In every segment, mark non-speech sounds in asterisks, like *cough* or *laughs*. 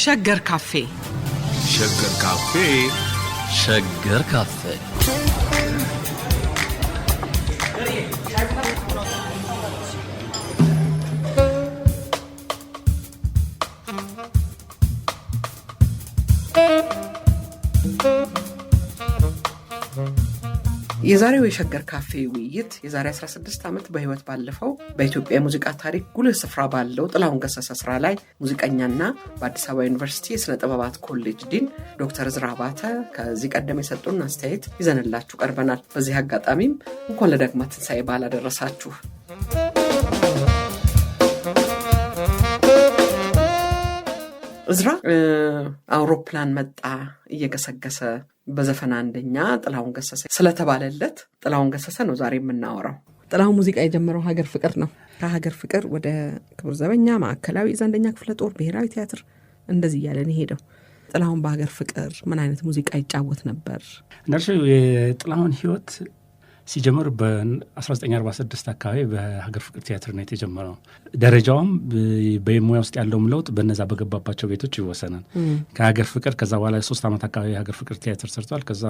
ሸገር ካፌ ሸገር ካፌ ሸገር ካፌ የዛሬው የሸገር ካፌ ውይይት የዛሬ 16 ዓመት በህይወት ባለፈው በኢትዮጵያ የሙዚቃ ታሪክ ጉልህ ስፍራ ባለው ጥላሁን ገሰሰ ስራ ላይ ሙዚቀኛና በአዲስ አበባ ዩኒቨርሲቲ የሥነ ጥበባት ኮሌጅ ዲን ዶክተር ዝራ ባተ ከዚህ ቀደም የሰጡን አስተያየት ይዘንላችሁ ቀርበናል። በዚህ አጋጣሚም እንኳን ለዳግማ ትንሣኤ በዓል አደረሳችሁ። እዝራ አውሮፕላን መጣ እየገሰገሰ በዘፈን አንደኛ ጥላሁን ገሰሰ ስለተባለለት ጥላሁን ገሰሰ ነው ዛሬ የምናወራው። ጥላሁን ሙዚቃ የጀመረው ሀገር ፍቅር ነው። ከሀገር ፍቅር ወደ ክቡር ዘበኛ፣ ማዕከላዊ ዘንደኛ ክፍለ ጦር፣ ብሔራዊ ቲያትር እንደዚህ እያለን ሄደው። ጥላሁን በሀገር ፍቅር ምን አይነት ሙዚቃ ይጫወት ነበር? እንደርሱ የጥላሁን ህይወት ሲጀምር በ1946 አካባቢ በሀገር ፍቅር ቲያትር ነው የተጀመረው። ደረጃውም በሙያ ውስጥ ያለውም ለውጥ በነዛ በገባባቸው ቤቶች ይወሰናል። ከሀገር ፍቅር ከዛ በኋላ ሶስት ዓመት አካባቢ የሀገር ፍቅር ቲያትር ሰርቷል። ከዛ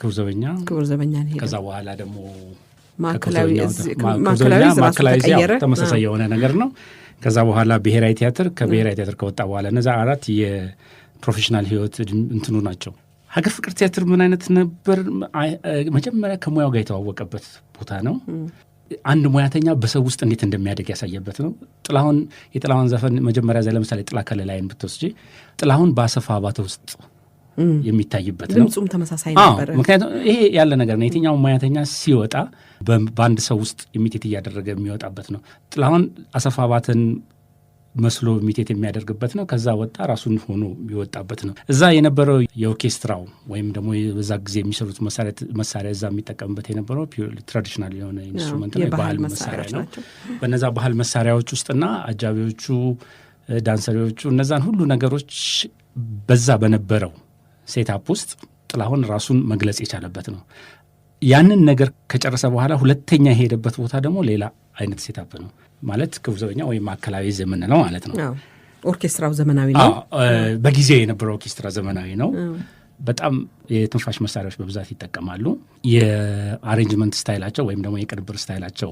ክቡር ዘበኛ ክቡር ዘበኛ ከዛ በኋላ ደግሞ ማዕከላዊ ተመሳሳይ የሆነ ነገር ነው። ከዛ በኋላ ብሔራዊ ቲያትር፣ ከብሔራዊ ቲያትር ከወጣ በኋላ እነዚ አራት የፕሮፌሽናል ህይወት እንትኑ ናቸው ሀገር ፍቅር ቲያትር ምን አይነት ነበር? መጀመሪያ ከሙያው ጋር የተዋወቀበት ቦታ ነው። አንድ ሙያተኛ በሰው ውስጥ እንዴት እንደሚያደግ ያሳየበት ነው። ጥላሁን የጥላሁን ዘፈን መጀመሪያ ዘ ለምሳሌ ጥላ ከለላይን ብትወስጂ ጥላሁን በአሰፋ አባተ ውስጥ የሚታይበት ነው። ድምፁም ተመሳሳይ ነበር። ምክንያቱም ይሄ ያለ ነገር ነው። የትኛው ሙያተኛ ሲወጣ በአንድ ሰው ውስጥ ኢሚቴት እያደረገ የሚወጣበት ነው። ጥላሁን አሰፋ አባተን መስሎ ሚቴት የሚያደርግበት ነው። ከዛ ወጣ ራሱን ሆኖ የወጣበት ነው። እዛ የነበረው የኦርኬስትራው ወይም ደግሞ በዛ ጊዜ የሚሰሩት መሳሪያ እዛ የሚጠቀምበት የነበረው ትራዲሽናል የሆነ ኢንስትሩመንት ነው፣ የባህል መሳሪያ ነው። በነዛ ባህል መሳሪያዎች ውስጥና አጃቢዎቹ፣ ዳንሰሪዎቹ እነዛን ሁሉ ነገሮች በዛ በነበረው ሴታፕ ውስጥ ጥላሁን ራሱን መግለጽ የቻለበት ነው። ያንን ነገር ከጨረሰ በኋላ ሁለተኛ የሄደበት ቦታ ደግሞ ሌላ አይነት ሴታፕ ነው ማለት ክቡር ዘበኛ ወይም ማዕከላዊ ነው ማለት ነው። ኦርኬስትራው ዘመናዊ ነው። በጊዜ የነበረው ኦርኬስትራ ዘመናዊ ነው። በጣም የትንፋሽ መሳሪያዎች በብዛት ይጠቀማሉ። የአሬንጅመንት ስታይላቸው ወይም ደግሞ የቅንብር ስታይላቸው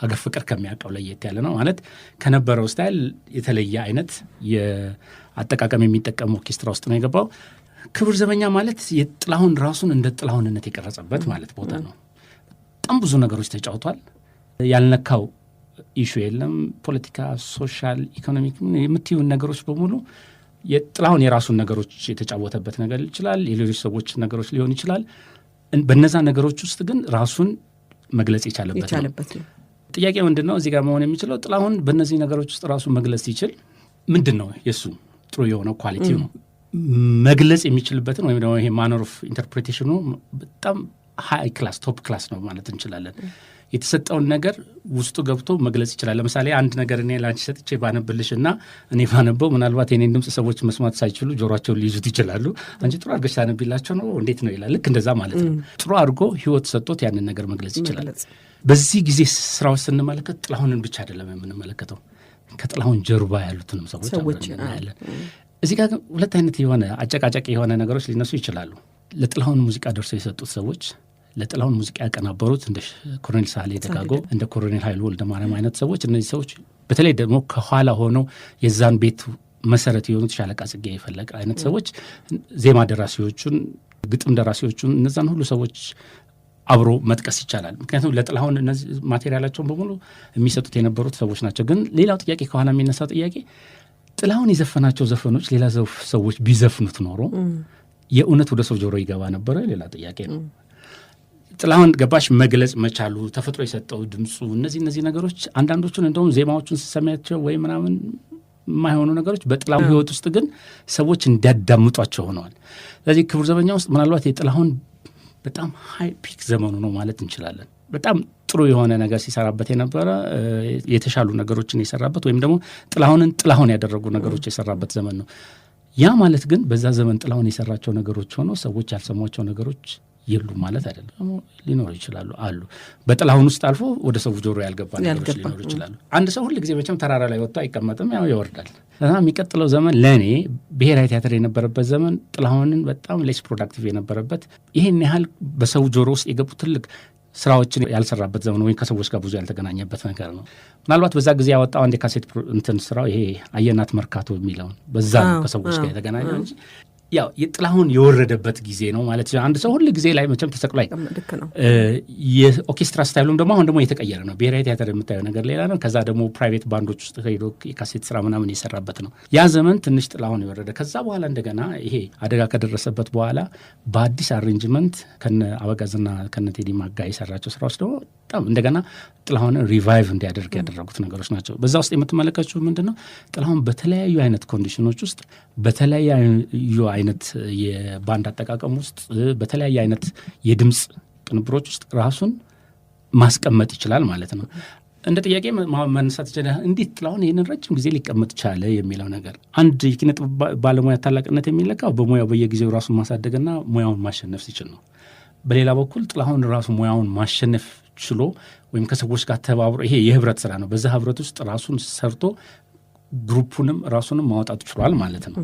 ሀገር ፍቅር ከሚያውቀው ለየት ያለ ነው። ማለት ከነበረው ስታይል የተለየ አይነት የአጠቃቀም የሚጠቀም ኦርኬስትራ ውስጥ ነው የገባው። ክቡር ዘበኛ ማለት የጥላሁን ራሱን እንደ ጥላሁንነት የቀረጸበት ማለት ቦታ ነው። በጣም ብዙ ነገሮች ተጫውቷል። ያልነካው ኢሹ የለም። ፖለቲካ፣ ሶሻል፣ ኢኮኖሚክ የምትዩን ነገሮች በሙሉ የጥላሁን የራሱን ነገሮች የተጫወተበት ነገር ይችላል። የሌሎች ሰዎች ነገሮች ሊሆን ይችላል። በነዛ ነገሮች ውስጥ ግን ራሱን መግለጽ የቻለበት ነው። ጥያቄ ምንድን ነው እዚህ ጋር መሆን የሚችለው ጥላሁን በእነዚህ ነገሮች ውስጥ ራሱን መግለጽ ሲችል ምንድን ነው የእሱ ጥሩ የሆነው ኳሊቲ ነው? መግለጽ የሚችልበትን ወይም ደግሞ ይሄ ማነር ኦፍ ኢንተርፕሬቴሽኑ በጣም ሀይ ክላስ ቶፕ ክላስ ነው ማለት እንችላለን። የተሰጠውን ነገር ውስጡ ገብቶ መግለጽ ይችላል። ለምሳሌ አንድ ነገር እኔ ላንቺ ሰጥቼ ባነብልሽ እና እኔ ባነበው ምናልባት የኔን ድምፅ ሰዎች መስማት ሳይችሉ ጆሯቸውን ሊይዙት ይችላሉ። አንቺ ጥሩ አድርገሽ ታነቢላቸው ነው እንዴት ነው ይላል። ልክ እንደዛ ማለት ነው። ጥሩ አድርጎ ህይወት ሰጦት ያንን ነገር መግለጽ ይችላል። በዚህ ጊዜ ስራው ስንመለከት ጥላሁንን ብቻ አይደለም የምንመለከተው ከጥላሁን ጀርባ ያሉትንም ሰዎች እናያለን። እዚህ ጋር ግን ሁለት አይነት የሆነ አጨቃጨቅ የሆነ ነገሮች ሊነሱ ይችላሉ። ለጥላሁን ሙዚቃ ደርሰው የሰጡት ሰዎች ለጥላሁን ሙዚቃ ያቀናበሩት እንደ ኮሎኔል ሳህሌ ደጋጎ፣ እንደ ኮሎኔል ወልደ ማርያም አይነት ሰዎች እነዚህ ሰዎች በተለይ ደግሞ ከኋላ ሆነው የዛን ቤት መሰረት የሆኑት ሻለቃ ጽጌ የፈለቀ አይነት ሰዎች ዜማ ደራሲዎቹን፣ ግጥም ደራሲዎቹን እነዛን ሁሉ ሰዎች አብሮ መጥቀስ ይቻላል። ምክንያቱም ለጥላሁን እነዚህ ማቴሪያላቸውን በሙሉ የሚሰጡት የነበሩት ሰዎች ናቸው። ግን ሌላው ጥያቄ ከኋላ የሚነሳው ጥያቄ ጥላሁን የዘፈናቸው ዘፈኖች ሌላ ሰዎች ቢዘፍኑት ኖሮ የእውነት ወደ ሰው ጆሮ ይገባ ነበረ? ሌላ ጥያቄ ነው። ጥላሁን ገባሽ መግለጽ መቻሉ ተፈጥሮ የሰጠው ድምፁ፣ እነዚህ እነዚህ ነገሮች አንዳንዶቹን እንደውም ዜማዎቹን ስሰሚያቸው ወይ ምናምን የማይሆኑ ነገሮች በጥላሁን ህይወት ውስጥ ግን ሰዎች እንዲያዳምጧቸው ሆነዋል። ስለዚህ ክቡር ዘበኛ ውስጥ ምናልባት የጥላሁን በጣም ሀይ ፒክ ዘመኑ ነው ማለት እንችላለን። በጣም ጥሩ የሆነ ነገር ሲሰራበት የነበረ የተሻሉ ነገሮችን የሰራበት ወይም ደግሞ ጥላሁንን ጥላሁን ያደረጉ ነገሮች የሰራበት ዘመን ነው። ያ ማለት ግን በዛ ዘመን ጥላሁን የሰራቸው ነገሮች ሆኖ ሰዎች ያልሰሟቸው ነገሮች የሉ ማለት አይደለም። ሊኖሩ ይችላሉ አሉ። በጥላሁን ውስጥ አልፎ ወደ ሰው ጆሮ ያልገባ ነገሮች ሊኖሩ ይችላሉ። አንድ ሰው ሁል ጊዜ መቼም ተራራ ላይ ወጥቶ አይቀመጥም፣ ያው ይወርዳል። እና የሚቀጥለው ዘመን ለእኔ ብሔራዊ ቲያትር የነበረበት ዘመን ጥላሁንን በጣም ሌስ ፕሮዳክቲቭ የነበረበት ይህን ያህል በሰው ጆሮ ውስጥ የገቡ ትልቅ ስራዎችን ያልሰራበት ዘመን ወይም ከሰዎች ጋር ብዙ ያልተገናኘበት ነገር ነው። ምናልባት በዛ ጊዜ ያወጣው አንድ የካሴት እንትን ስራው ይሄ አየናት መርካቶ የሚለውን በዛ ነው ከሰዎች ጋር የተገናኘ እንጂ ያው የጥላሁን የወረደበት ጊዜ ነው ማለት አንድ ሰው ሁሉ ጊዜ ላይ መቼም ተሰቅሎ የኦርኬስትራ ስታይሉም ደግሞ አሁን ደግሞ የተቀየረ ነው። ብሔራዊ ቲያትር የምታየው ነገር ሌላ ነው። ከዛ ደግሞ ፕራይቬት ባንዶች ውስጥ ሄዶ የካሴት ስራ ምናምን የሰራበት ነው። ያ ዘመን ትንሽ ጥላሁን የወረደ ከዛ በኋላ እንደገና ይሄ አደጋ ከደረሰበት በኋላ በአዲስ አሬንጅመንት ከነ አበጋዝና ከነ ቴዲ ማጋ የሰራቸው ስራዎች ደግሞ በጣም እንደገና ጥላሁን ሪቫይቭ እንዲያደርግ ያደረጉት ነገሮች ናቸው። በዛ ውስጥ የምትመለከችው ምንድን ነው? ጥላሁን በተለያዩ አይነት ኮንዲሽኖች ውስጥ በተለያዩ አይነት የባንድ አጠቃቀም ውስጥ በተለያዩ አይነት የድምፅ ቅንብሮች ውስጥ ራሱን ማስቀመጥ ይችላል ማለት ነው። እንደ ጥያቄ መነሳት ይችላል። እንዴት ጥላሁን ይህንን ረጅም ጊዜ ሊቀመጥ ቻለ የሚለው ነገር አንድ የኪነ ጥበብ ባለሙያ ታላቅነት የሚለካው በሙያው በየጊዜው ራሱን ማሳደግና ሙያውን ማሸነፍ ሲችል ነው። በሌላ በኩል ጥላሁን ራሱ ሙያውን ማሸነፍ ችሎ ወይም ከሰዎች ጋር ተባብሮ ይሄ የህብረት ስራ ነው። በዛ ህብረት ውስጥ ራሱን ሰርቶ ግሩፑንም ራሱንም ማውጣት ችሏል ማለት ነው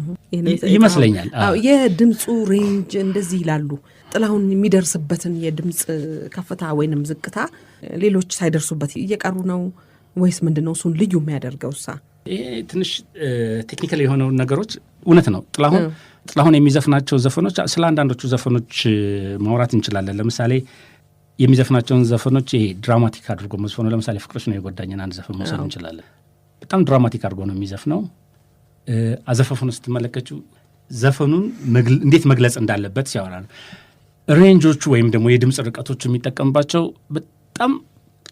ይመስለኛል። የድምፁ ሬንጅ እንደዚህ ይላሉ። ጥላሁን የሚደርስበትን የድምፅ ከፍታ ወይንም ዝቅታ ሌሎች ሳይደርሱበት እየቀሩ ነው ወይስ ምንድን ነው? እሱን ልዩ የሚያደርገው ሳ ይሄ ትንሽ ቴክኒካል የሆነው ነገሮች እውነት ነው። ጥላሁን ጥላሁን የሚዘፍናቸው ዘፈኖች ስለ አንዳንዶቹ ዘፈኖች ማውራት እንችላለን። ለምሳሌ የሚዘፍናቸውን ዘፈኖች ይሄ ድራማቲክ አድርጎ መዝፈኑ ለምሳሌ ፍቅሮች ነው የጎዳኝን አንድ ዘፈን መውሰድ እንችላለን። በጣም ድራማቲክ አድርጎ ነው የሚዘፍነው። አዘፈፉን ስትመለከችው ዘፈኑን እንዴት መግለጽ እንዳለበት ሲያወራ ነው። ሬንጆቹ ወይም ደግሞ የድምፅ ርቀቶቹ የሚጠቀምባቸው በጣም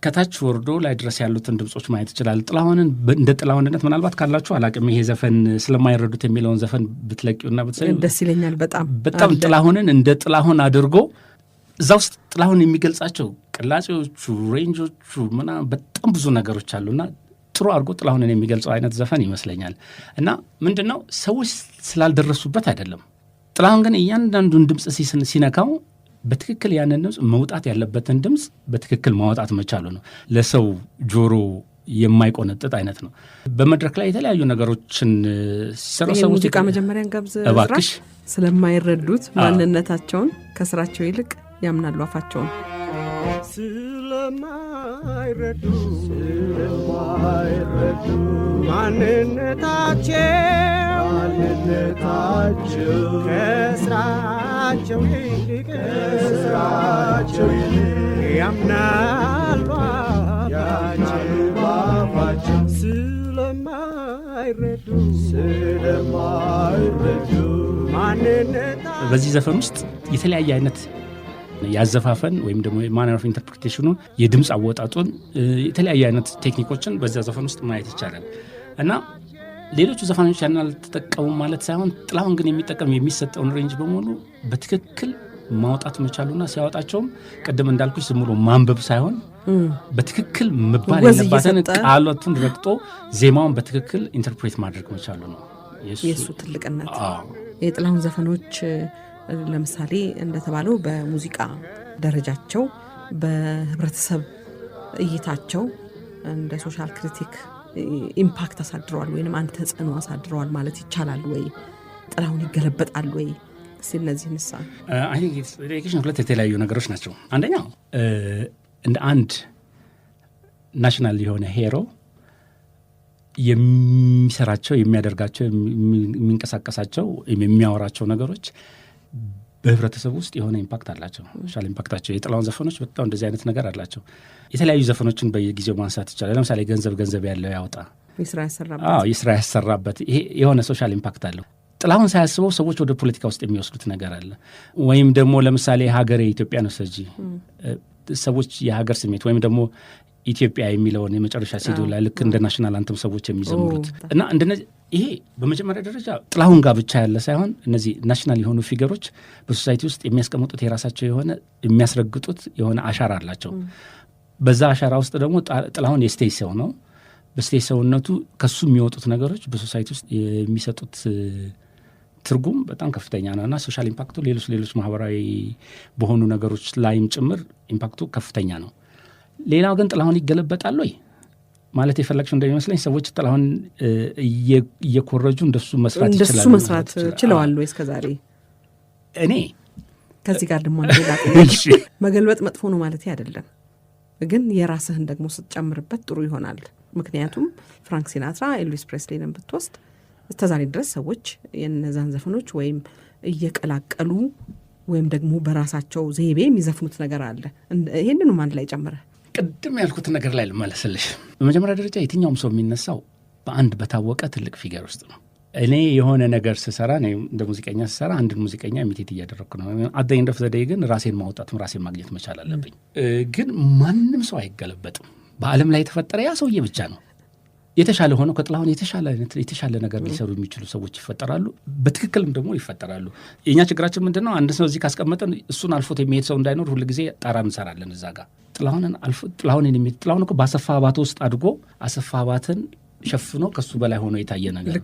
ከታች ወርዶ ላይ ድረስ ያሉትን ድምፆች ማየት ይችላል። ጥላሁንን እንደ ጥላሁንነት ምናልባት ካላችሁ አላቅም ይሄ ዘፈን ስለማይረዱት የሚለውን ዘፈን ብትለቂውና ብትሰ ደስ ይለኛል። በጣም በጣም ጥላሁንን እንደ ጥላሁን አድርጎ እዛ ውስጥ ጥላሁን የሚገልጻቸው ቅላጼዎቹ፣ ሬንጆቹ ምናምን በጣም ብዙ ነገሮች አሉና ጥሩ አድርጎ ጥላሁንን የሚገልጸው አይነት ዘፈን ይመስለኛል። እና ምንድን ነው ሰዎች ስላልደረሱበት አይደለም። ጥላሁን ግን እያንዳንዱን ድምፅ ሲነካው በትክክል ያንን ድምፅ መውጣት ያለበትን ድምፅ በትክክል ማውጣት መቻሉ ነው። ለሰው ጆሮ የማይቆነጥጥ አይነት ነው። በመድረክ ላይ የተለያዩ ነገሮችን ሲሰሩ ሰዎች ሙዚቃ መጀመሪያን ጋብዝ እባክሽ ስለማይረዱት ማንነታቸውን ከስራቸው ይልቅ ያምናሉ አፋቸውን ስለማይረዱ ስለማይረዱ ማንነታቸው ማንነታቸው ከስራቸው ይልቅ ከስራቸው ይልቅ ያምናሉ ስለማይረዱ ስለማይረዱ ማንነታ በዚህ ዘፈን ውስጥ የተለያየ አይነት ያዘፋፈን ወይም ደግሞ ማነር ኦፍ ኢንተርፕሬቴሽኑ የድምፅ አወጣጡን የተለያዩ አይነት ቴክኒኮችን በዚያ ዘፈን ውስጥ ማየት ይቻላል እና ሌሎቹ ዘፋኞች ያን አልተጠቀሙም ማለት ሳይሆን ጥላሁን ግን የሚጠቀም የሚሰጠውን ሬንጅ በመሆኑ በትክክል ማውጣት መቻሉና ሲያወጣቸውም ቅድም እንዳልኩች ዝም ብሎ ማንበብ ሳይሆን በትክክል መባል ያለባትን ቃሎቱን ረግጦ ዜማውን በትክክል ኢንተርፕሬት ማድረግ መቻሉ ነው የእሱ ትልቅነት። የጥላሁን ዘፈኖች ለምሳሌ እንደተባለው በሙዚቃ ደረጃቸው በህብረተሰብ እይታቸው እንደ ሶሻል ክሪቲክ ኢምፓክት አሳድረዋል ወይም አንድ ተጽዕኖ አሳድረዋል ማለት ይቻላል ወይ? ጥላውን ይገለበጣል ወይ? እነዚህ ንሳ ሁለት የተለያዩ ነገሮች ናቸው። አንደኛው እንደ አንድ ናሽናል የሆነ ሄሮ የሚሰራቸው፣ የሚያደርጋቸው፣ የሚንቀሳቀሳቸው፣ የሚያወራቸው ነገሮች በህብረተሰቡ ውስጥ የሆነ ኢምፓክት አላቸው። ሻል ኢምፓክታቸው የጥላውን ዘፈኖች በጣም እንደዚህ አይነት ነገር አላቸው። የተለያዩ ዘፈኖችን በየጊዜው ማንሳት ይቻላል። ለምሳሌ ገንዘብ ገንዘብ ያለው ያውጣ፣ የስራ ያሰራበት፣ ይሄ የሆነ ሶሻል ኢምፓክት አለው። ጥላሁን ሳያስበው ሰዎች ወደ ፖለቲካ ውስጥ የሚወስዱት ነገር አለ። ወይም ደግሞ ለምሳሌ የኢትዮጵያ ነው ሰጂ ሰዎች የሀገር ስሜት ወይም ደግሞ ኢትዮጵያ የሚለውን የመጨረሻ ሲዲ ላይ ልክ እንደ ናሽናል አንተም ሰዎች የሚዘምሩት እና እንደነዚህ ይሄ በመጀመሪያ ደረጃ ጥላሁን ጋር ብቻ ያለ ሳይሆን እነዚህ ናሽናል የሆኑ ፊገሮች በሶሳይቲ ውስጥ የሚያስቀምጡት የራሳቸው የሆነ የሚያስረግጡት የሆነ አሻራ አላቸው። በዛ አሻራ ውስጥ ደግሞ ጥላሁን የስቴጅ ሰው ነው። በስቴጅ ሰውነቱ ከሱ የሚወጡት ነገሮች በሶሳይቲ ውስጥ የሚሰጡት ትርጉም በጣም ከፍተኛ ነው እና ሶሻል ኢምፓክቱ ሌሎች ሌሎች ማህበራዊ በሆኑ ነገሮች ላይም ጭምር ኢምፓክቱ ከፍተኛ ነው። ሌላው ግን ጥላሁን ይገለበጣል ወይ ማለት የፈለግሽው እንደሚመስለኝ ሰዎች ጥላሁን እየኮረጁ እንደሱ መስራት እንደሱ መስራት ችለዋል ወይ እስከዛሬ እኔ ከዚህ ጋር ደሞ *laughs* መገልበጥ መጥፎ ነው ማለት አይደለም ግን የራስህን ደግሞ ስትጨምርበት ጥሩ ይሆናል ምክንያቱም ፍራንክ ሲናትራ ኤልቪስ ፕሬስሊንን ብትወስድ እስተዛሬ ድረስ ሰዎች የነዛን ዘፈኖች ወይም እየቀላቀሉ ወይም ደግሞ በራሳቸው ዘይቤ የሚዘፍኑት ነገር አለ ይህንኑም አንድ ላይ ጨምረህ ቅድም ያልኩት ነገር ላይ ልመለስልሽ። በመጀመሪያ ደረጃ የትኛውም ሰው የሚነሳው በአንድ በታወቀ ትልቅ ፊገር ውስጥ ነው። እኔ የሆነ ነገር ስሰራ እንደ ሙዚቀኛ ስሰራ አንድን ሙዚቀኛ ኢሚቴት እያደረግኩ ነው። አደኝ ኤንድ ዘደይ ግን ራሴን ማውጣትም ራሴን ማግኘት መቻል አለብኝ። ግን ማንም ሰው አይገለበጥም። በዓለም ላይ የተፈጠረ ያ ሰውዬ ብቻ ነው። የተሻለ ሆነው ከጥላሁን የተሻለ የተሻለ ነገር ሊሰሩ የሚችሉ ሰዎች ይፈጠራሉ። በትክክልም ደግሞ ይፈጠራሉ። የእኛ ችግራችን ምንድን ነው? አንድ ሰው እዚህ ካስቀመጠን እሱን አልፎት የሚሄድ ሰው እንዳይኖር ሁልጊዜ ጣራ እንሰራለን እዛ ጋር ጥላሁንን አልፎ ጥላሁንን የሚሄድ ጥላሁን እኮ በአሰፋ አባተ ውስጥ አድጎ አሰፋ አባተን ሸፍኖ ከሱ በላይ ሆኖ የታየ ነገር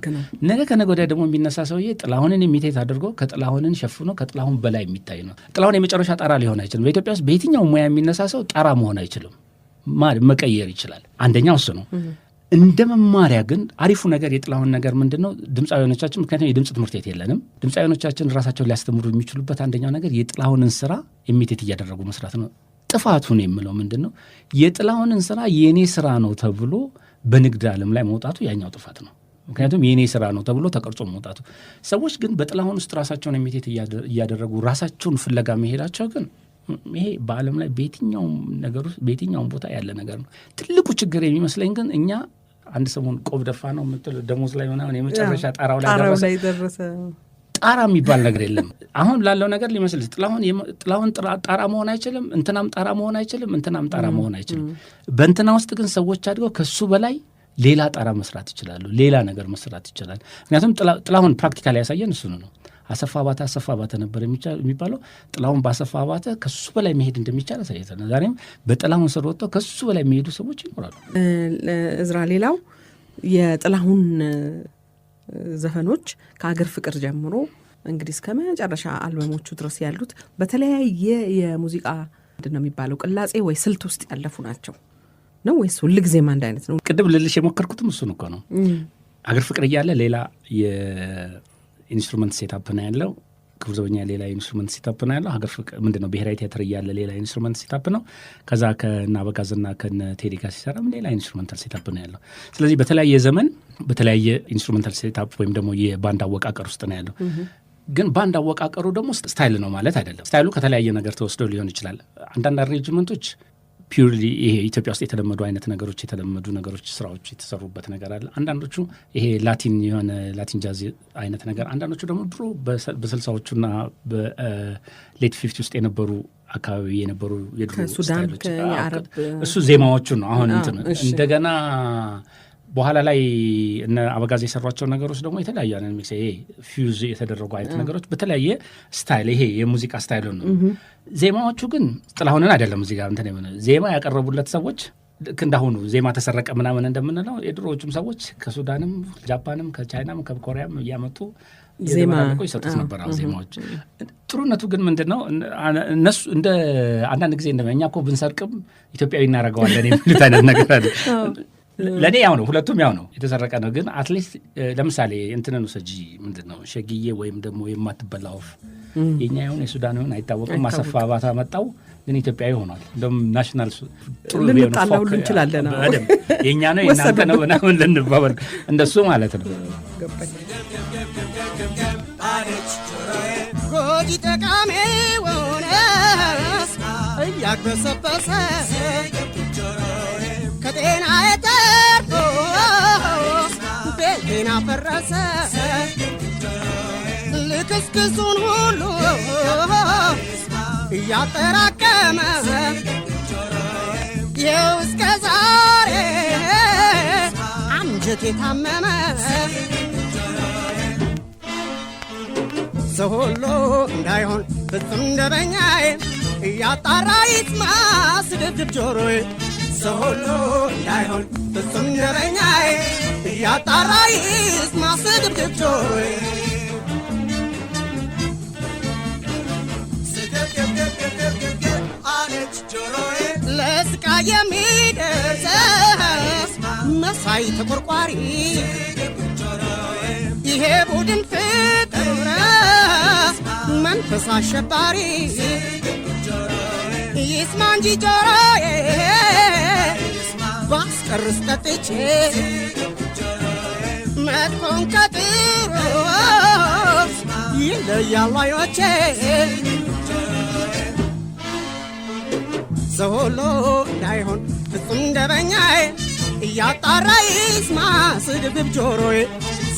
ነገ ከነገ ወዲያ ደግሞ የሚነሳ ሰውዬ ጥላሁንን የሚታየት አድርጎ ከጥላሁንን ሸፍኖ ከጥላሁን በላይ የሚታይ ነው። ጥላሁን የመጨረሻ ጣራ ሊሆን አይችልም። በኢትዮጵያ ውስጥ በየትኛው ሙያ የሚነሳ ሰው ጣራ መሆን አይችልም። መቀየር ይችላል። አንደኛው እሱ ነው። እንደ መማሪያ ግን አሪፉ ነገር የጥላሁን ነገር ምንድን ነው? ድምፃዊኖቻችን ምክንያቱም የድምፅ ትምህርት ቤት የለንም። ድምፃዊኖቻችን ራሳቸውን ሊያስተምሩ የሚችሉበት አንደኛው ነገር የጥላሁንን ስራ ኢሚቴት እያደረጉ መስራት ነው። ጥፋቱን የምለው ምንድን ነው? የጥላሁንን ስራ የእኔ ስራ ነው ተብሎ በንግድ ዓለም ላይ መውጣቱ ያኛው ጥፋት ነው። ምክንያቱም የእኔ ስራ ነው ተብሎ ተቀርጾ መውጣቱ። ሰዎች ግን በጥላሁን ውስጥ ራሳቸውን ኢሚቴት እያደረጉ ራሳቸውን ፍለጋ መሄዳቸው ግን ይሄ በዓለም ላይ በየትኛውም ነገር ውስጥ በየትኛውም ቦታ ያለ ነገር ነው። ትልቁ ችግር የሚመስለኝ ግን እኛ አንድ ሰሞን ቆብ ደፋ ነው የምትል ደሞዝ ላይ ምናምን የመጨረሻ ጣራው ላይ ደረሰ። ጣራ የሚባል ነገር የለም። አሁን ላለው ነገር ሊመስል ጥላሁን ጣራ መሆን አይችልም፣ እንትናም ጣራ መሆን አይችልም፣ እንትናም ጣራ መሆን አይችልም። በእንትና ውስጥ ግን ሰዎች አድገው ከሱ በላይ ሌላ ጣራ መስራት ይችላሉ። ሌላ ነገር መስራት ይችላል። ምክንያቱም ጥላሁን ፕራክቲካሊ ያሳየን እሱኑ ነው። አሰፋ አባተ አሰፋ አባተ ነበር የሚባለው። ጥላሁን በአሰፋ አባተ ከሱ በላይ መሄድ እንደሚቻል አሳይተናል። ዛሬም በጥላሁን ስር ወጥተው ከሱ በላይ የሚሄዱ ሰዎች ይኖራሉ። እዝራ፣ ሌላው የጥላሁን ዘፈኖች ከአገር ፍቅር ጀምሮ እንግዲህ እስከ መጨረሻ አልበሞቹ ድረስ ያሉት በተለያየ የሙዚቃ ምንድን ነው የሚባለው ቅላጼ ወይ ስልት ውስጥ ያለፉ ናቸው ነው ወይስ ሁልጊዜም አንድ አይነት ነው? ቅድም ልልሽ የሞከርኩትም እሱን እኮ ነው። አገር ፍቅር እያለ ሌላ ኢንስትሩመንት ሴታፕ ነው ያለው። ክቡር ዘበኛ ሌላ ኢንስትሩመንት ሴታፕ ነው ያለው። ሀገር ፍቅ ምንድ ነው ብሔራዊ ቲያትር እያለ ሌላ ኢንስትሩመንት ሴታፕ ነው። ከዛ ከነ አበጋዝና ከነ ቴዲ ሲሰራም ሌላ ኢንስትሩመንታል ሴታፕ ነው ያለው። ስለዚህ በተለያየ ዘመን በተለያየ ኢንስትሩመንታል ሴታፕ ወይም ደግሞ የባንድ አወቃቀር ውስጥ ነው ያለው። ግን ባንድ አወቃቀሩ ደግሞ ስታይል ነው ማለት አይደለም። ስታይሉ ከተለያየ ነገር ተወስዶ ሊሆን ይችላል። አንዳንድ አሬጅመንቶች ፒውርሊ ይሄ ኢትዮጵያ ውስጥ የተለመዱ አይነት ነገሮች የተለመዱ ነገሮች ስራዎች የተሰሩበት ነገር አለ። አንዳንዶቹ ይሄ ላቲን የሆነ ላቲን ጃዝ አይነት ነገር፣ አንዳንዶቹ ደግሞ ድሮ ና በሌት ፊፍቲ ውስጥ የነበሩ አካባቢ የነበሩ የድሮ እሱ ዜማዎቹ ነው አሁን እንትን እንደገና በኋላ ላይ እነ አበጋዝ የሰሯቸው ነገሮች ደግሞ የተለያዩ ሚክስ ይሄ ፊውዝ የተደረጉ አይነት ነገሮች በተለያየ ስታይል ይሄ የሙዚቃ ስታይል ነው። ዜማዎቹ ግን ጥላሁንን አይደለም እዚህ ጋር እንትን ዜማ ያቀረቡለት ሰዎች ልክ እንዳሁኑ ዜማ ተሰረቀ ምናምን እንደምንለው የድሮዎቹም ሰዎች ከሱዳንም ጃፓንም ከቻይናም ከኮሪያም እያመጡ ዜማቆ ይሰጡት ነበር ዜማዎች። ጥሩነቱ ግን ምንድን ነው? እነሱ እንደ አንዳንድ ጊዜ እኛ እኮ ብንሰርቅም ኢትዮጵያዊ እናደርገዋለን የሚሉት አይነት ነገር አለ ለእኔ ያው ነው፣ ሁለቱም ያው ነው፣ የተሰረቀ ነው። ግን አትሊስት ለምሳሌ እንትንን ውሰጂ፣ ምንድን ነው ሸግዬ ወይም ደግሞ የማትበላ ወፍ የእኛ ይሁን የሱዳን ይሁን አይታወቅም። አሰፋ ባታ መጣው ግን ኢትዮጵያዊ ሆኗል። እንደም ናሽናል ልንጣላ ሁሉ እንችላለን። የእኛ ነው የእናንተ ነው ምናምን ልንባባል እንደሱ ማለት ነው። ጎጂ ጠቃሚ ሆነ እያግበሰበሰ ጤና የጠርቶ ቤቴን አፈረሰ ልክስክሱን ሁሉ እያጠራቀመ ይኸው እስከ ዛሬ አንጀት ታመመ። ሰው ሁሉ እንዳይሆን ፍጹም ደበኛዬ እያጣራ ይስማ ስድብድብ ጆሮዬ ሰው ሁሉ እንዳይሆን ፍጹም ደረኛዬ እያጣራ ይስማ ስግብግብጆይ ለስቃይ የሚደርስ መሳይ ተቆርቋሪ ይሄ ቡድን ፍቅር መንፈስ አሸባሪ ይስማንጂ ጆሮዬ ባስቀርስ ጠጥቼ መጥፎን ከጥሩ ይለያሉ አዮቼ ሰው ሁሉ እንዳይሆን ፍጹም ደበኛዬ እያጣራ ይስማ ስድብብ ጆሮዬ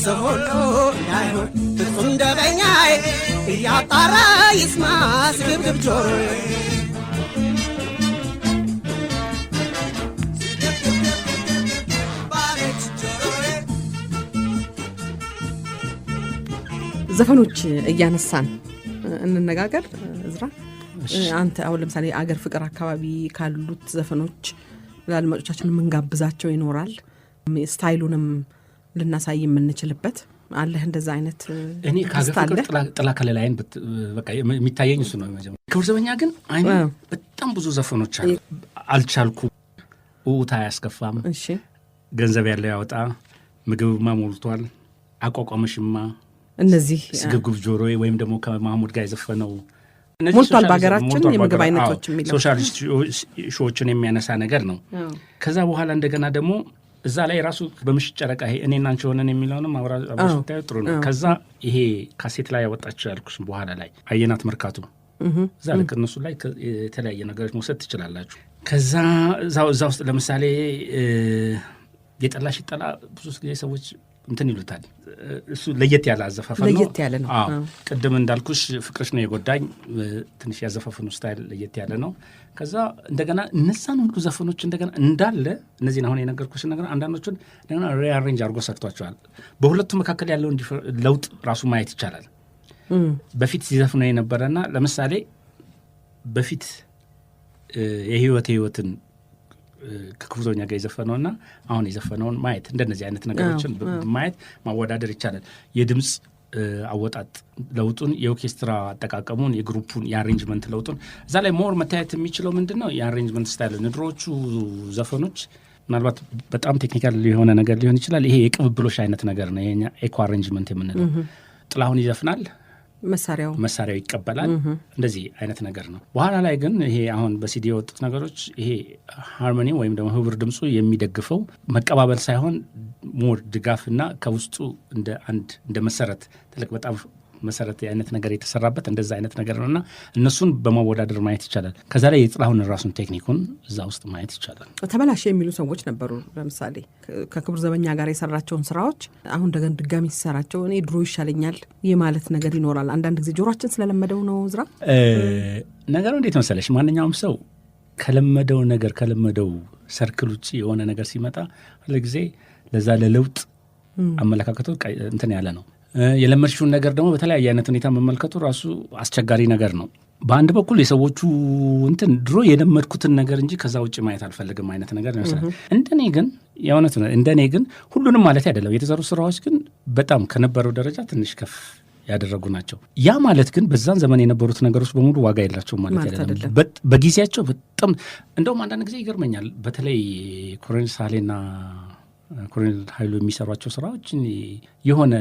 ሰው ሁሉ እንዳይሆን ፍጹም ደበኛዬ እያጣራ ይስማ ስድብብ ጆሮዬ ዘፈኖች እያነሳን እንነጋገር። እዝራ አንተ አሁን ለምሳሌ አገር ፍቅር አካባቢ ካሉት ዘፈኖች ለአድማጮቻችን የምንጋብዛቸው ይኖራል። ስታይሉንም ልናሳይ የምንችልበት አለህ እንደዛ አይነት እኔ ከሀገር ጥላ ከለላ አይን የሚታየኝ እሱ ነው። መጀመሪያ ክብር ዘበኛ ግን አይ በጣም ብዙ ዘፈኖች አሉ። አልቻልኩ፣ ውታ አያስከፋም፣ ገንዘብ ያለው ያወጣ፣ ምግብማ ሞልቷል፣ አቋቋመሽማ እነዚህ ስግብግብ ጆሮ ወይም ደግሞ ከማህሙድ ጋር የዘፈነው ሞልቷል በሀገራችን የምግብ አይነቶች የሚለው ሶሻል ሾዎችን የሚያነሳ ነገር ነው። ከዛ በኋላ እንደገና ደግሞ እዛ ላይ ራሱ በምሽት ጨረቃ ይሄ እኔ እናንቸ ሆነን የሚለውንም አብራሽታዩ ጥሩ ነው። ከዛ ይሄ ካሴት ላይ ያወጣች ያልኩሽ በኋላ ላይ አየናት መርካቱ እዛ ልክ እነሱ ላይ የተለያየ ነገሮች መውሰድ ትችላላችሁ። ከዛ እዛ ውስጥ ለምሳሌ የጠላሽ ጠላ ብዙ ጊዜ ሰዎች እንትን ይሉታል። እሱ ለየት ያለ አዘፋፈን ለየት ያለ ነው። ቅድም እንዳልኩሽ ፍቅርሽ ነው የጎዳኝ ትንሽ ያዘፋፈኑ ስታይል ለየት ያለ ነው። ከዛ እንደገና እነዛን ሁሉ ዘፈኖች እንደገና እንዳለ እነዚህን አሁን የነገርኩሽ ነገር አንዳንዶቹን እንደገና ሪአሬንጅ አድርጎ ሰርቷቸዋል። በሁለቱ መካከል ያለውን ለውጥ ራሱ ማየት ይቻላል። በፊት ሲዘፍነው የነበረና ለምሳሌ በፊት የህይወት ህይወትን ከክቡር ጋር የዘፈነውእና አሁን የዘፈነውን ማየት እንደነዚህ አይነት ነገሮችን ማየት ማወዳደር ይቻላል። የድምፅ አወጣጥ ለውጡን፣ የኦርኬስትራ አጠቃቀሙን፣ የግሩፑን የአሬንጅመንት ለውጡን እዛ ላይ ሞር መታየት የሚችለው ምንድን ነው? የአሬንጅመንት ስታይል ንድሮቹ ዘፈኖች ምናልባት በጣም ቴክኒካል የሆነ ነገር ሊሆን ይችላል። ይሄ የቅብብሎሽ አይነት ነገር ነው። ኤኮ አሬንጅመንት የምንለው ጥላሁን ይዘፍናል መሳሪያው መሳሪያው ይቀበላል። እንደዚህ አይነት ነገር ነው። በኋላ ላይ ግን ይሄ አሁን በሲዲ የወጡት ነገሮች ይሄ ሃርሞኒ ወይም ደግሞ ህብር ድምፁ የሚደግፈው መቀባበል ሳይሆን ሞር ድጋፍና ከውስጡ እንደ አንድ እንደ መሰረት ትልቅ በጣም መሰረት አይነት ነገር የተሰራበት እንደዛ አይነት ነገር ነው እና እነሱን በማወዳደር ማየት ይቻላል። ከዛ ላይ የጥላሁን ራሱን ቴክኒኩን እዛ ውስጥ ማየት ይቻላል። ተበላሽ የሚሉ ሰዎች ነበሩ። ለምሳሌ ከክቡር ዘበኛ ጋር የሰራቸውን ስራዎች አሁን እንደገን ድጋሚ ሲሰራቸው እኔ ድሮ ይሻለኛል የማለት ነገር ይኖራል። አንዳንድ ጊዜ ጆሯችን ስለለመደው ነው። ዝራ ነገሩ እንዴት መሰለሽ፣ ማንኛውም ሰው ከለመደው ነገር ከለመደው ሰርክል ውጭ የሆነ ነገር ሲመጣ ሁልጊዜ ለዛ ለለውጥ አመለካከቱ እንትን ያለ ነው። የለመድሽውን ነገር ደግሞ በተለያየ አይነት ሁኔታ መመልከቱ ራሱ አስቸጋሪ ነገር ነው። በአንድ በኩል የሰዎቹ እንትን ድሮ የለመድኩትን ነገር እንጂ ከዛ ውጭ ማየት አልፈልግም አይነት ነገር ይመስላል። እንደኔ ግን የእውነት እንደኔ ግን ሁሉንም ማለት አይደለም። የተሰሩ ስራዎች ግን በጣም ከነበረው ደረጃ ትንሽ ከፍ ያደረጉ ናቸው። ያ ማለት ግን በዛን ዘመን የነበሩት ነገሮች በሙሉ ዋጋ የላቸውም ማለት አይደለም። በጊዜያቸው በጣም እንደውም አንዳንድ ጊዜ ይገርመኛል። በተለይ ኮሎኔል ሳሌና ኮሎኔል ኃይሉ የሚሰሯቸው ስራዎች የሆነ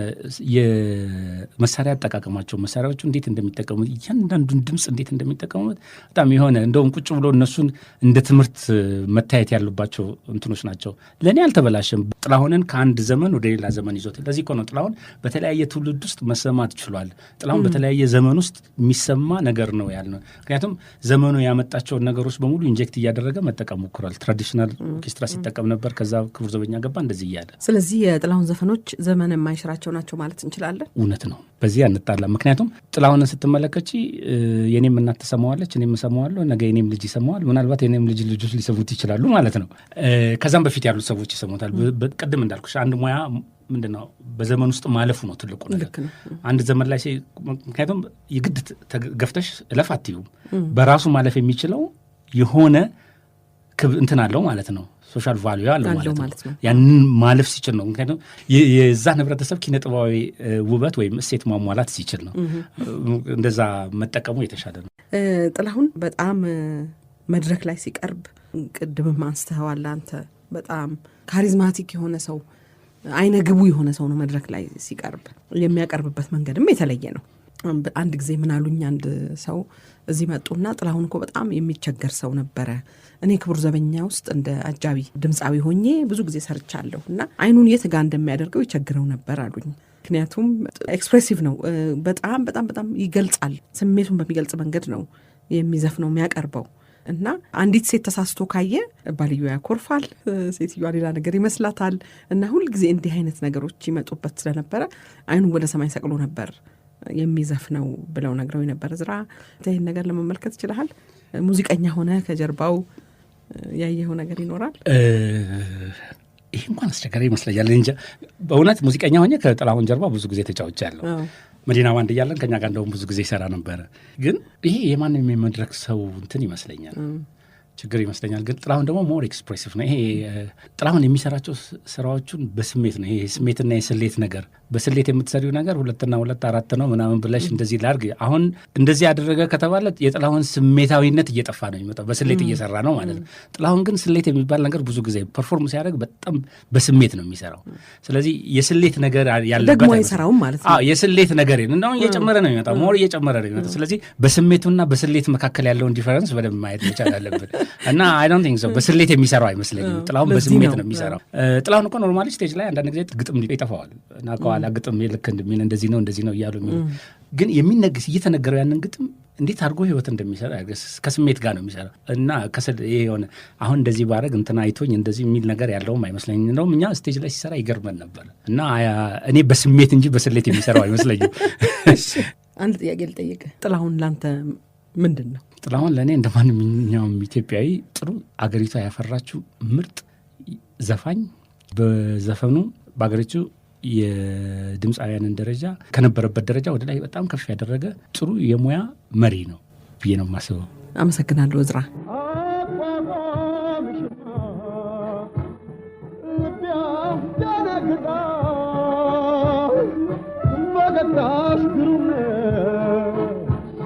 የመሳሪያ አጠቃቀማቸው መሳሪያዎቹ እንዴት እንደሚጠቀሙት እያንዳንዱን ድምፅ እንዴት እንደሚጠቀሙት በጣም የሆነ እንደውም ቁጭ ብሎ እነሱን እንደ ትምህርት መታየት ያሉባቸው እንትኖች ናቸው። ለእኔ አልተበላሸም። ጥላሁንን ከአንድ ዘመን ወደ ሌላ ዘመን ይዞት ለዚህ እኮ ነው ጥላሁን በተለያየ ትውልድ ውስጥ መሰማት ችሏል። ጥላሁን በተለያየ ዘመን ውስጥ የሚሰማ ነገር ነው ነው። ምክንያቱም ዘመኑ ያመጣቸውን ነገሮች በሙሉ ኢንጀክት እያደረገ መጠቀም ሞክሯል። ትራዲሽናል ኦርኬስትራ ሲጠቀም ነበር። ከዛ ክቡር ዘበኛ ገባ እንደዚህ እያለ ስለዚህ የጥላሁን ዘፈኖች ዘመን የማይሽራቸው ናቸው ማለት እንችላለን። እውነት ነው። በዚህ አንጣላ። ምክንያቱም ጥላሁንን ስትመለከች የኔም እናት ትሰማዋለች፣ እኔም እሰማዋለሁ፣ ነገ የኔም ልጅ ይሰማዋል። ምናልባት የኔም ልጅ ልጆች ሊሰሙት ይችላሉ ማለት ነው። ከዛም በፊት ያሉት ሰዎች ይሰሙታል። ቅድም እንዳልኩ አንድ ሙያ ምንድነው በዘመን ውስጥ ማለፉ ነው ትልቁ ነገር። አንድ ዘመን ላይ ምክንያቱም የግድ ገፍተሽ እለፍ አትዩም። በራሱ ማለፍ የሚችለው የሆነ እንትን አለው ማለት ነው። ሶሻል ቫሉ አለው ማለት ነው። ያንን ማለፍ ሲችል ነው። ምክንያቱም የዛ ህብረተሰብ ኪነ ጥበባዊ ውበት ወይም እሴት ማሟላት ሲችል ነው። እንደዛ መጠቀሙ የተሻለ ነው። ጥላሁን በጣም መድረክ ላይ ሲቀርብ ቅድምም አንስተኸዋል አንተ በጣም ካሪዝማቲክ የሆነ ሰው አይነ ግቡ የሆነ ሰው ነው። መድረክ ላይ ሲቀርብ የሚያቀርብበት መንገድም የተለየ ነው። አንድ ጊዜ ምናሉኝ አንድ ሰው እዚህ መጡና ጥላሁን እኮ በጣም የሚቸገር ሰው ነበረ እኔ ክቡር ዘበኛ ውስጥ እንደ አጃቢ ድምፃዊ ሆኜ ብዙ ጊዜ ሰርቻለሁ እና አይኑን የት እንደሚያደርገው ይቸግረው ነበር አሉኝ። ምክንያቱም ኤክስፕሬሲቭ ነው። በጣም በጣም በጣም ይገልጻል። ስሜቱን በሚገልጽ መንገድ ነው የሚዘፍነው የሚያቀርበው እና አንዲት ሴት ተሳስቶ ካየ ባልዮ ያኮርፋል፣ ሴትዮዋ ሌላ ነገር ይመስላታል። እና ሁልጊዜ እንዲህ አይነት ነገሮች ይመጡበት ስለነበረ አይኑን ወደ ሰማይ ሰቅሎ ነበር የሚዘፍነው ብለው ነግረው የነበረ ዝራ ይህን ነገር ለመመልከት ይችላል ሙዚቀኛ ሆነ ከጀርባው ያየኸው ነገር ይኖራል? ይህ እንኳን አስቸጋሪ ይመስለኛል። እንጃ በእውነት ሙዚቀኛ ሆኜ ከጥላሁን ጀርባ ብዙ ጊዜ ተጫውቻ ያለው መዲና ባንድ እያለን ከኛ ጋር እንደውም ብዙ ጊዜ ይሰራ ነበረ። ግን ይሄ የማንም የመድረክ ሰው እንትን ይመስለኛል ችግር ይመስለኛል። ግን ጥላሁን ደግሞ ሞር ኤክስፕሬሲቭ ነው። ይሄ ጥላሁን የሚሰራቸው ስራዎቹን በስሜት ነው። ይሄ ስሜትና የስሌት ነገር በስሌት የምትሰሪው ነገር ሁለትና ሁለት አራት ነው ምናምን ብለሽ እንደዚህ ላርግ አሁን እንደዚህ ያደረገ ከተባለ የጥላሁን ስሜታዊነት እየጠፋ ነው የሚመጣው። በስሌት እየሰራ ነው ማለት ነው። ጥላሁን ግን ስሌት የሚባል ነገር ብዙ ጊዜ ፐርፎርም ሲያደርግ በጣም በስሜት ነው የሚሰራው። ስለዚህ የስሌት ነገር ያለበት የስሌት ነገር እንደሁን እየጨመረ ነው የሚመጣው፣ ሞር እየጨመረ ነው የሚመጣው። ስለዚህ በስሜቱና በስሌት መካከል ያለውን ዲፈረንስ በደንብ ማየት መቻል አለብን። እና አይ ዶንት ቲንክ ሶ በስሌት የሚሰራው አይመስለኝም። ጥላሁን በስሜት ነው የሚሰራው። ጥላሁን እኮ ኖርማሊ ስቴጅ ላይ አንዳንድ ጊዜ ግጥም ይጠፋዋል እና ከኋላ ግጥም ልክ እንደሚል እንደዚህ ነው እንደዚህ ነው እያሉ የሚ ግን የሚነግስ እየተነገረው ያንን ግጥም እንዴት አድርጎ ህይወት እንደሚሰራ ከስሜት ጋር ነው የሚሰራ እና የሆነ አሁን እንደዚህ ባረግ እንትን አይቶኝ እንደዚህ የሚል ነገር ያለውም አይመስለኝ። እንደውም እኛ ስቴጅ ላይ ሲሰራ ይገርመን ነበር እና እኔ በስሜት እንጂ በስሌት የሚሰራው አይመስለኝም። አንድ ጥያቄ ልጠይቅ። ጥላሁን ላንተ ምንድን ነው? ጥላሁን ለእኔ እንደ ማንኛውም ኢትዮጵያዊ ጥሩ አገሪቷ ያፈራችው ምርጥ ዘፋኝ በዘፈኑ በአገሪቱ የድምፃውያንን ደረጃ ከነበረበት ደረጃ ወደ ላይ በጣም ከፍ ያደረገ ጥሩ የሙያ መሪ ነው ብዬ ነው የማስበው። አመሰግናለሁ እዝራ።